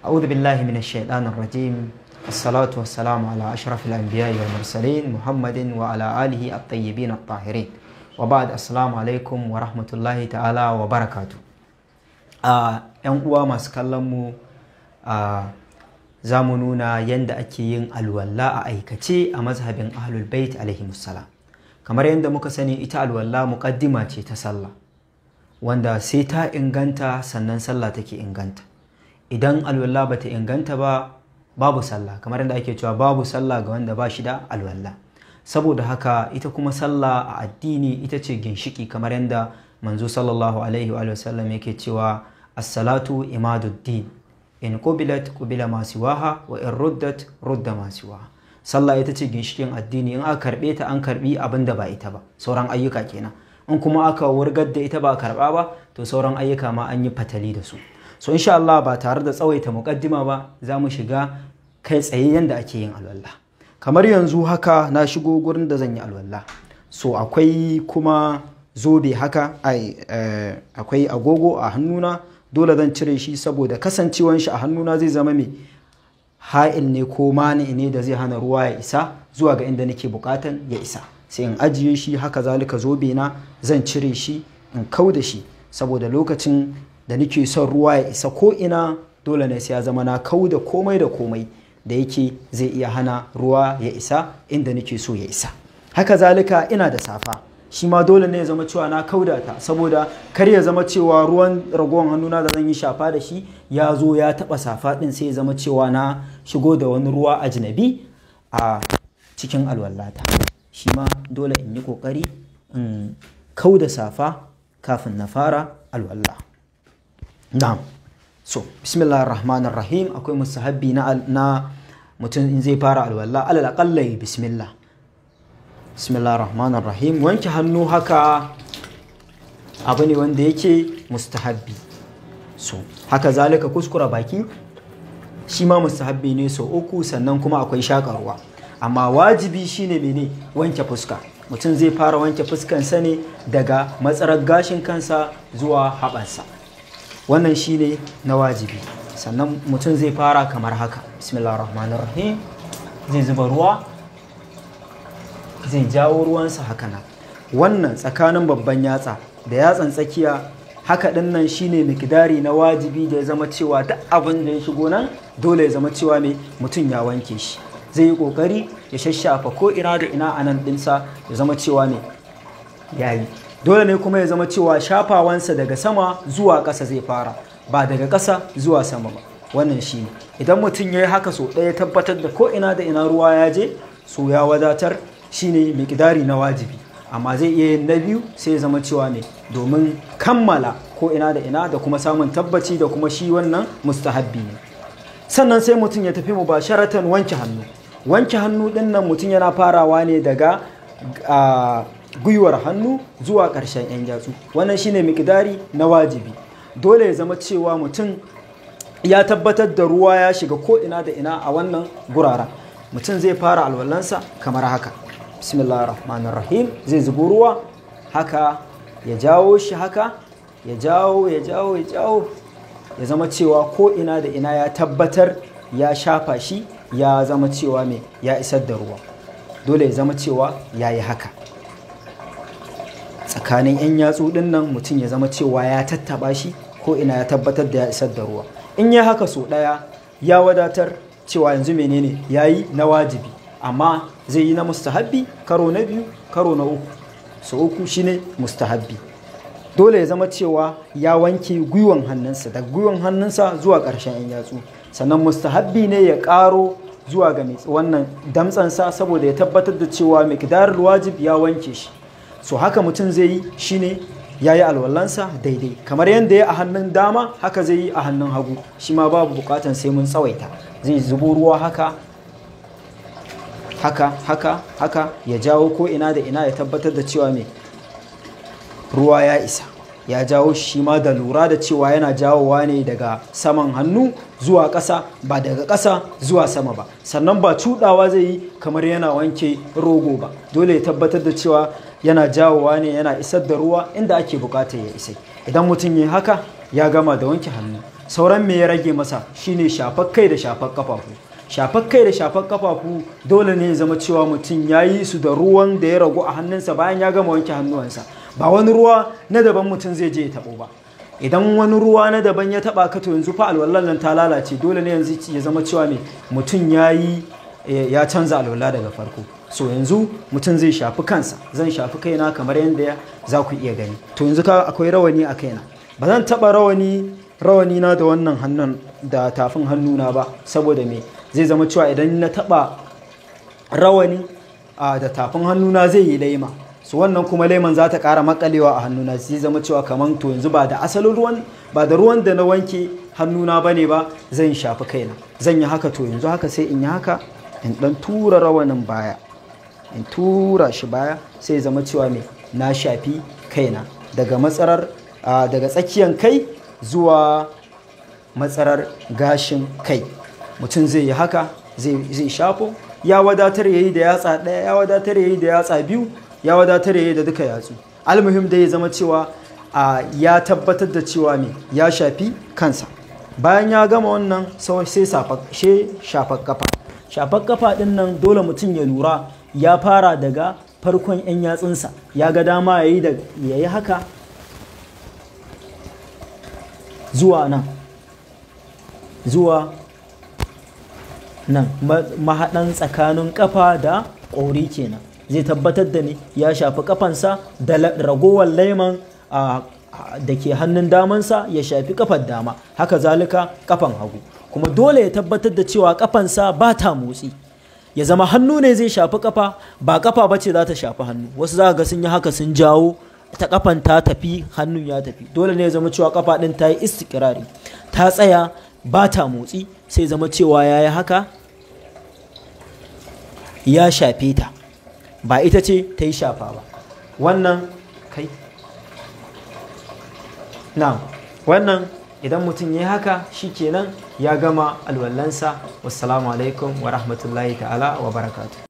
أعوذ بالله من الشيطان الرجيم الصلاة والسلام على أشرف الأنبياء والمرسلين محمد وعلى آله الطيبين الطاهرين وبعد السلام عليكم ورحمة الله تعالى وبركاته ‘yan uwa masu kallonmu za mu nuna yadda ake yin alwalla a aikace a mazhabin ahlul bait salam kamar yadda muka sani ita alwalla muƙaddima ce ta sallah wanda sai ta inganta sannan sallah take inganta idan ba ta inganta ba babu sallah kamar yadda ake cewa babu sallah ga wanda ba shi da alwallah saboda haka ita kuma sallah a addini ita ce ginshiki kamar yadda manzo sallallahu alaihi wa sallam yake cewa as-salatu imaduddin in qubilat qubila ma siwaha wa in ruddat rudda ma siwaha sallah ita ce ginshikin addini in aka karbe ta an karbi abin da ba ita ba sauran ayyuka kenan in kuma aka wurgar da ita ba a karba ba to sauran ayyuka ma an yi fatali da su so insha Allah ba tare da tsawaita mukaddima ba za mu shiga kai tsaye yanda ake yin alwala kamar yanzu haka na shigo gurin da zan yi alwala so akwai kuma zobe haka eh, akwai agogo a hannuna dole zan cire shi saboda kasancewan shi a hannuna zai zama mai ha'il ne ko mani ne da zai hana ruwa ya isa zuwa ga inda nake bukatan ya isa sai in ajiye shi haka zalika zobe na zan cire shi in kau da shi saboda lokacin da nake son ruwa ya isa ko ina dole ne sai ya zama na kau da komai da komai da yake zai iya hana ruwa ya isa inda nake so ya isa haka zalika ina da safa shi ma dole ne ya zama cewa na kauda ta saboda kar ya zama cewa ruwan ragowar hannuna da zan yi shafa da shi ya zo ya taɓa safa ɗin sai ya zama cewa na shigo da wani ruwa ajnabi a cikin alwallata shi ma dole in yi ƙoƙari in kauda safa kafin na fara alwallah na'am so bismillahir rahmanir rahim akwai musahabi na na mutum in zai fara alwala alal aqalla bismillah bismillahir rahmanir rahim wanke hannu haka abu ne wanda yake mustahabbi so haka zalika kuskura baki shi ma mustahabbi ne so uku sannan kuma akwai shakarwa amma wajibi shine mene wanke fuska mutum zai fara wanke fuskansa ne daga matsarar gashin kansa zuwa haɓansa wannan shine na wajibi sannan mutum zai fara kamar haka rahim. zai zuba ruwa zai jawo ruwansa haka nan wannan tsakanin babban yatsa da yatsan tsakiya haka din nan shine mikidari na wajibi da ya zama cewa duk abin da ya shigo nan dole ya zama cewa mai mutum ya wanke shi zai yi ƙoƙari ya shashafa ko ina da ina a nan dinsa ya zama cewa ne yayi dole ne kuma ya zama cewa shafawansa daga sama zuwa ƙasa zai fara ba daga ƙasa zuwa sama ba wannan shi ne idan mutum ya yi haka so ɗaya tabbatar da ko ina da ina ruwa ya je so ya wadatar shi ne mikidari na wajibi amma zai iya yin na biyu sai ya zama cewa ne domin kammala ko ina da ina da kuma samun tabbaci da kuma shi wannan mustahabbi ne sannan sai mutum ya tafi mubasharatan wanke hannu wanke hannu ɗin nan mutum yana farawa ne daga ah, gwiwar hannu zuwa ƙarshen 'yan yatsu wannan shine mikidari na wajibi dole ya zama cewa mutum ya tabbatar da ruwa ya shiga ko ina da ina a wannan gurara mutum zai fara alwalansa kamar haka bismillahirrahmanirrahim zai zubo ruwa haka ya jawo shi haka ya jawo ya jawo ya jawo ya zama cewa ko ina da ina ya tabbatar ya shafa shi ya zama cewa mai ya isar da ruwa dole ya zama cewa ya yi haka tsakanin 'yan yatsu ɗin nan mutum ya zama cewa ya tattaba shi ko ina ya tabbatar da ya isar da ruwa in ya haka so ɗaya ya wadatar cewa yanzu menene yayi na wajibi amma zai yi na mustahabbi karo na biyu karo na uku so uku shine mustahabbi dole ya zama cewa ya wanke gwiwan hannunsa da gwiwan hannunsa zuwa karshen 'yan yatsu sannan mustahabbi ne ya karo zuwa ga wannan damtsansa saboda ya tabbatar da cewa miqdarul wajib ya wanke shi so haka mutum zai yi shine ya yi alwallansa daidai kamar yadda ya a hannun dama haka zai yi a hannun hagu shi ma babu bukatan sai mun tsawaita zai zubo ruwa haka haka haka haka ya jawo ko ina da ina ya tabbatar da cewa mai ruwa ya isa ya jawo shi ma da lura da cewa yana jawowa ne daga saman hannu zuwa ƙasa ba daga ƙasa zuwa sama ba sannan ba cuɗawa zai yi kamar yana wanke rogo ba dole ya tabbatar da cewa yana jawowa ne yana isar da ruwa inda ake bukata ya isai idan mutum ya haka ya gama da wanke hannu sauran me ya rage masa shine shafar kai da shafar kafafu shafar kai da shafar kafafu dole ne ya zama cewa mutum ya yi su da ruwan da ya ragu a hannunsa bayan ya gama wanke hannuwansa ba wani ruwa na daban mutum zai je ya taɓo ba idan wani ruwa na daban ya taɓa ka to yanzu fa alwallan nan ta lalace dole ne yanzu ya zama cewa ne mutum ya yi ya canza alwala daga farko so yanzu mutum zai shafi kansa zan shafi kaina kamar yadda za ku iya gani to yanzu ka akwai rawani a kaina ba zan taɓa rawani rawani na da wannan hannun da tafin hannuna ba saboda me zai zama cewa idan na taɓa rawani da tafin hannuna zai yi laima su wannan kuma laiman za ta ƙara makalewa a hannuna zai zama cewa kamar to yanzu ba da asalin ruwan ba da ruwan da na wanke hannuna ba ne ba zan shafi kaina zan yi haka to yanzu haka sai in yi haka in ɗan tura rawanin baya in tura shi baya sai zama cewa mai na shafi kaina daga matsarar daga tsakiyan kai zuwa matsarar gashin kai mutum zai yi haka zai shafo ya wadatar ya yi da yatsa ɗaya ya wadatar ya yi da yatsa biyu ya wadatar ya yi da duka yatsu almuhim da ya zama cewa ya tabbatar da cewa ne ya shafi kansa bayan ya gama wannan sai shafan kafa shafar kafa nan dole mutum ya lura ya fara daga farkon 'yan yatsunsa ya ga dama ya yi haka zuwa nan zuwa nan mahaɗan tsakanin ƙafa da ƙori kenan zai tabbatar da ne ya shafi ƙafansa da ragowar laiman da ke hannun damansa ya shafi ƙafar dama haka zalika ƙafan hagu kuma dole ya tabbatar da cewa ƙafansa ba ta motsi ya zama hannu ne zai shafi kafa ba kafa bace ce za ta shafi hannu wasu za ga sun yi haka sun jawo ta kafan ta tafi hannun ya tafi dole ne ya zama cewa kafa din ta yi istikirari ta tsaya ba ta motsi sai zama cewa ya yi haka ya shafe ta ba ita ce ta yi shafa ba wannan kai na wannan idan mutum ya haka shi kenan ya gama alwallansa wassalamu alaikum wa rahmatullahi ta'ala wa barakatu